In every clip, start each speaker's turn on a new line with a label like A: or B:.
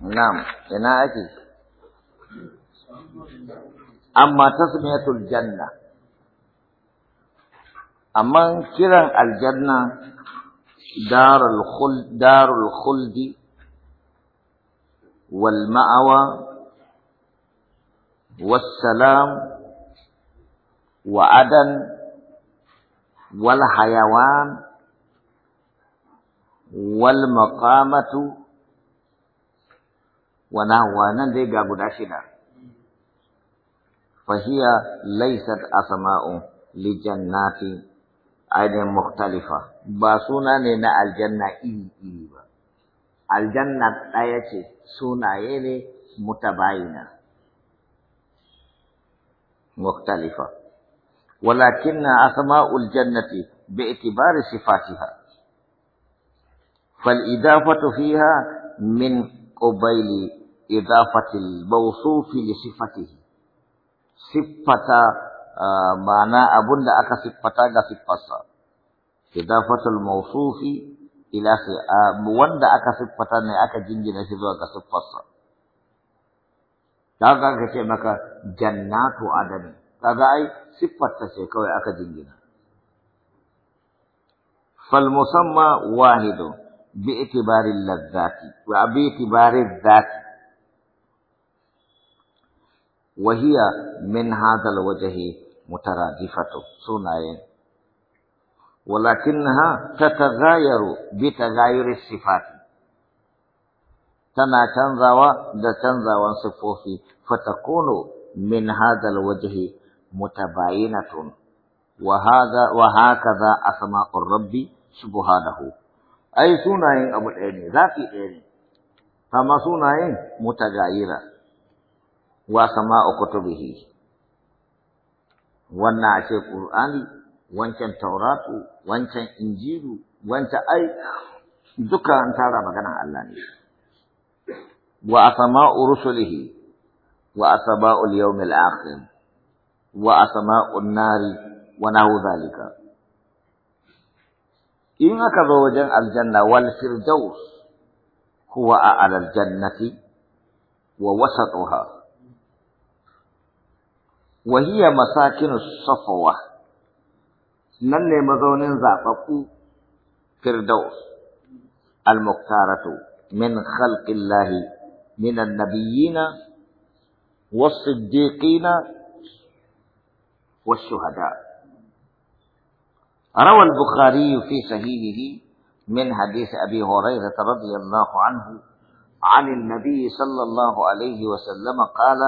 A: نعم هنا أكي أما تسمية الجنة أما كرة الجنة دار الخلد دار الخلد والمأوى والسلام وعدن والحيوان والمقامه wana wanan dai ga guda shida fahiya laysat asma'u li jannati aidin mukhtalifa ba suna ne na aljanna iri iri ba aljanna ɗaya ce sunaye ne mutabayina مختلفة ولكن أسماء الجنة باعتبار صفاتها فالإضافة فيها من قبيل إضافة الموصوف لصفته صفة معنى أبن أكا صفة صفة إضافة الموصوف إلى وند أكا صفة أكا جنجي نشدو أكا صفة kaga ka ce maka jannatu adani kaga ai siffar ta ce kawai aka jingina fal musamma wahidu bi itibari ladzati wa bi itibari dzati wahiya min hadal wajhi mutaradifatu sunayen walakinnaha tatagayaru bi tagayuri sifati tana canzawa da canzawan siffofi fatakunu min hadal wajhi mutabayinatun wa hada wa hakaza asma'ur rabbi subhanahu ai sunayen abu ɗaya ne zafi ɗaya ne amma sunayen mutagayira وسماء كتبه وانا عشي القرآن وانت التوراة وانت الإنجيل وانت أي دكا أن ترى مكان الله وأسماء رسله وأسماء اليوم الآخر وأسماء النار ونحو ذلك إن كذو الجنة والفردوس هو أعلى الجنة ووسطها وهي مساكن الصفوة نن مزونين زعفقو فردوس المختارة من خلق الله من النبيين والصديقين والشهداء روى البخاري في صحيحه من حديث أبي هريرة رضي الله عنه عن النبي صلى الله عليه وسلم قال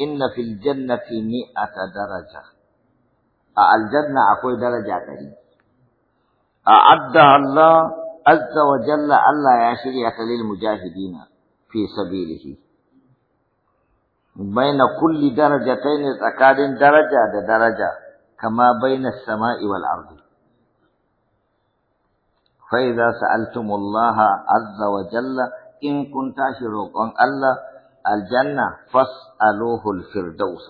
A: إن في الجنة مئة درجة الجنة أكوي درجة تري أعدها الله عز وجل ألا يشريك للمجاهدين في سبيله بين كل درجتين تكاد درجة درجة كما بين السماء والأرض فإذا سألتم الله عز وجل إن كنت شروقا الله الجنة فاسألوه الفردوس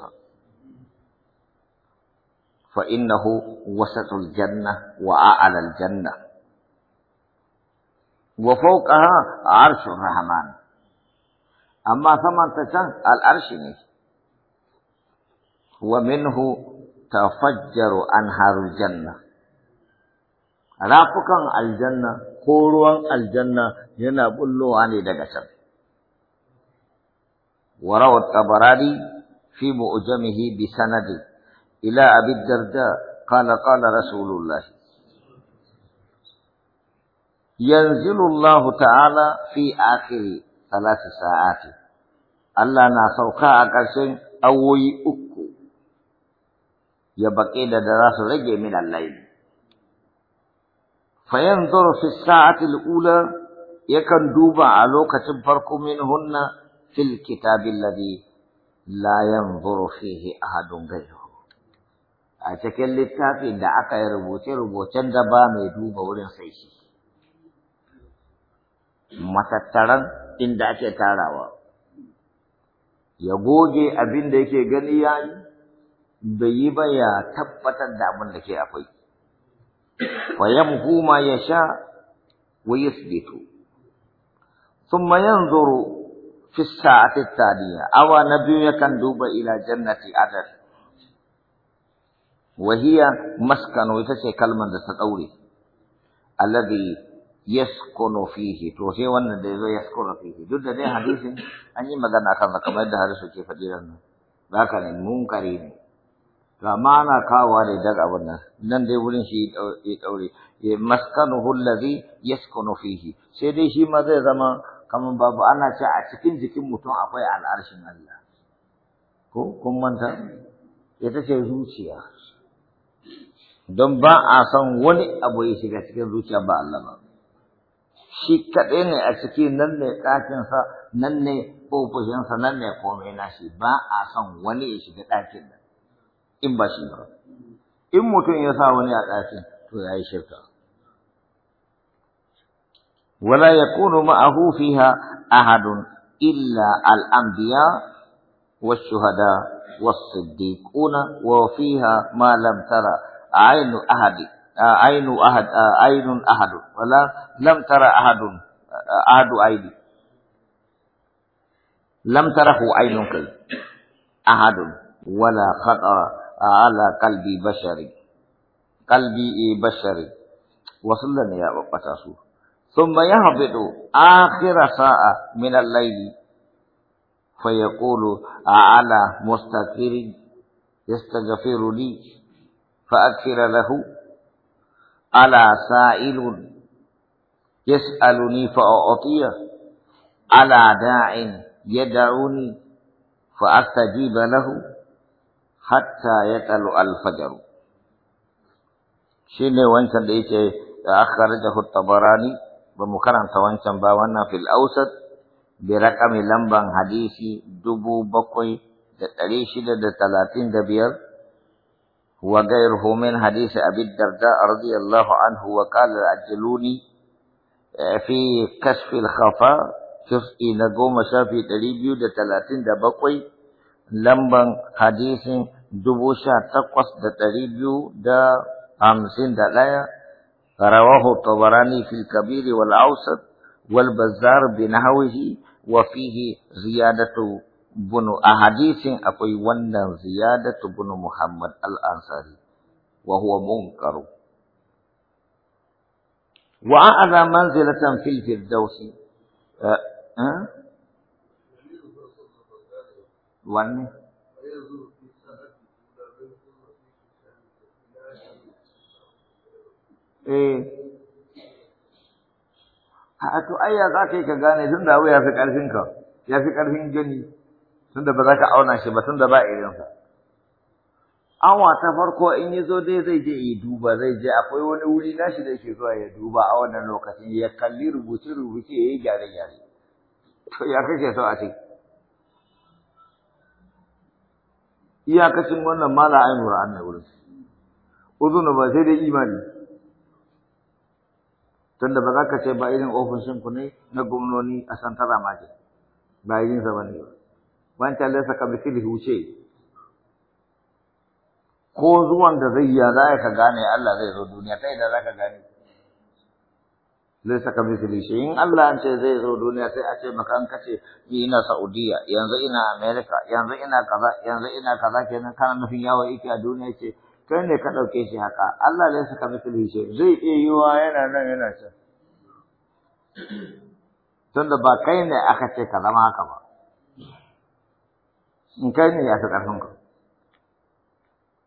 A: فإنه وسط الجنة وأعلى الجنة وفوقها عرش الرحمن أما ثمن تسان ومنه تفجر أنهار الجنة رافقا الجنة قوروا الجنة ينبلوا عن دقشب وروى الطبراني في مؤجمه بسنده إلى أبي الدرداء قال قال رسول الله ينزل الله تعالى في آخر ثلاث ساعات الله ناسوكا أكرشن أوي أكو يبقي دراس رجع من الليل فينظر في الساعة الأولى يكن دوبا على لوكة فرق منهن في الكتاب layan لا ينظر فيه أحد غيره a cikin littafin da aka yi rubuce-rubucen da ba mai duba wurin sai shi matattaran inda ake tarawa ya goge abin da yake gani ya yi bai yi ba ya tabbatar da abin da ke akwai fa yamhu ya yasha wa Sun thumma yanzuru في الساعة الثانية أو نبي يكندوب إلى جنة عدن وهي مسكن وتسي كلمة تتأولي الذي يسكن فيه توسي وان يسكن فيه جد دي حديث أني مغانا كان كما يدى رسو كيف ديرنا لكن المنكرين فما أنا كاوالي دقا ونا نن دي ولين شيء يتأولي مسكنه الذي يسكن فيه سيدي شيء ماذا زمان kamar babu ana ce a cikin jikin mutum akwai al'arshin Allah ko kun manta ita ce zuciya don ba a son wani abu ya shiga cikin zuciya ba Allah ba shi kaɗai ne a ciki nan ne ɗakinsa nan ne ofishinsa nan ne komai nashi ba a son wani ya shiga ɗakin nan in ba shi ba in mutum ya sa wani a ɗakin to ya yi shirka ولا يكون معه فيها أحد إلا الأنبياء والشهداء والصديقون وفيها ما لم ترى عين أحد عين أحد عين أحد ولا لم ترى أحد أحد عين لم تره عين عينك أحد ولا خطر على قلب بشري قلبي بشري وصلنا يا رب قتاسوه ثم يهبط آخر ساعة من الليل فيقول على مستغفر يستغفر لي فأغفر له على سائل يسألني فأعطيه على داع يدعوني فأستجيب له حتى يطلع الفجر شيني وانسان ديكي أخرجه الطبراني ba mu karanta wancan ba wannan fil ausat bi raqami lamban hadisi dubu bakwai da ɗari shida da talatin da biyar wa gairuhu min hadisi abi darda radiyallahu anhu wa qala ajluni eh, fi kashf al khafa juz'i na goma shafi ɗari biyu da talatin da bakwai lamban hadisin dubu sha takwas da ɗari biyu da hamsin da ɗaya رواه الطبراني في الكبير والأوسط والبزار بنحوه وفيه زيادة بن أحاديث أقوي ون زيادة بن محمد الأنصاري وهو منكر وأعلى منزلة في الفردوس أه؟ أه؟ Eh. a to ayya za ka yi ka gane tun da abu ya fi ƙarfin ka ya fi ƙarfin gani tun da ba za ka auna shi ba tun da ba irinsa awa ta farko in yi zo dai zai je ya duba zai je akwai wani wuri shi da yake zuwa ya duba a wannan lokacin ya kalli rubuce rubuce ya yi gyare gyare to ya kake so a ce iyakacin wannan mala ainihin ra'an na wurin uzunu ba sai dai imani tunda ba za ka ce ba irin ofishin ku ne na gwamnoni a santara ke? ba irin sa bane wancan laisa ka fili huce ko zuwan da zai yi za ka gane Allah zai zo duniya ta idan za ka gane laisa ka misali shi in Allah an ce zai zo duniya sai a ce maka an kace ni ina Saudiya yanzu ina America yanzu ina kaza yanzu ina kaza kenan kana nufin yawo yake a duniya ce kai ne ka ɗauke shi haka Allah laisa ka misali shi zai iya yiwa yana nan yana can tunda ba kai ne aka ce ka zama haka ba in kai ne ya fi ƙarfinka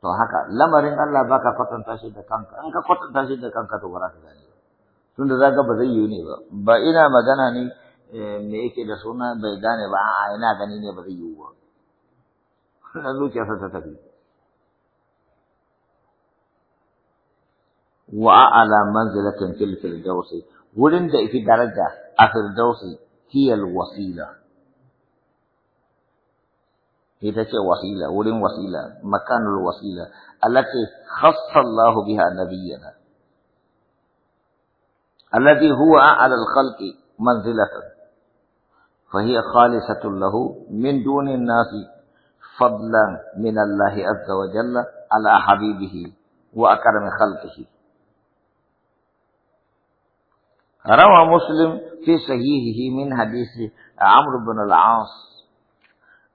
A: to haka lamarin Allah ba ka kwatanta shi da kanka in ka kwatanta shi da kanka to ba ka gani ba za ka ba zai yiwu ne ba ba ina magana ne eh, me yake da suna bai gane ba a ina gani ne ba zai yiwu ba na zuciyarsa ta tafi وأعلى منزلة في الفردوس ولن في درجة الفردوس هي الوسيلة هي وسيلة ولن وسيلة مكان الوسيلة التي خص الله بها نبينا الذي هو أعلى الخلق منزلة فهي خالصة له من دون الناس فضلا من الله عز وجل على حبيبه وأكرم خلقه rawa muslim fiye da sahihihi mun hadisi a Amurban-la'ansu.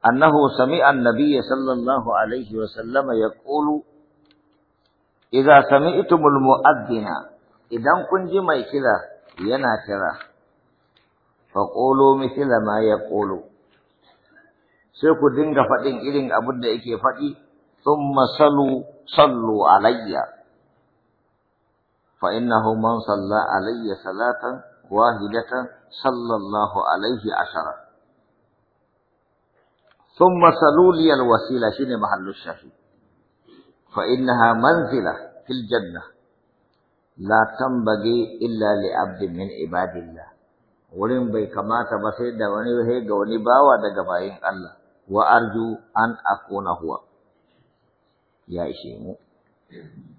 A: Annahu sami'an Nabiya Sallallahu alaihi wa sallama ya ƙolu. Iza sami ita idan kun ji mai kila, yana kira Fa ƙolo musulma ya ƙolo. Sai ku dinga faɗin irin abin da suke faɗi sun masalu sallu alayyar. فإنه من صلى علي صلاة واحدة صلى الله عليه عشرة ثم صلوا لي الوسيلة شين محل الشهيد فإنها منزلة في الجنة لا تنبغي إلا لعبد من عباد الله ولم بي كما تبسيد وني وهي وني باوا الله وأرجو أن أكون هو يا إشيمو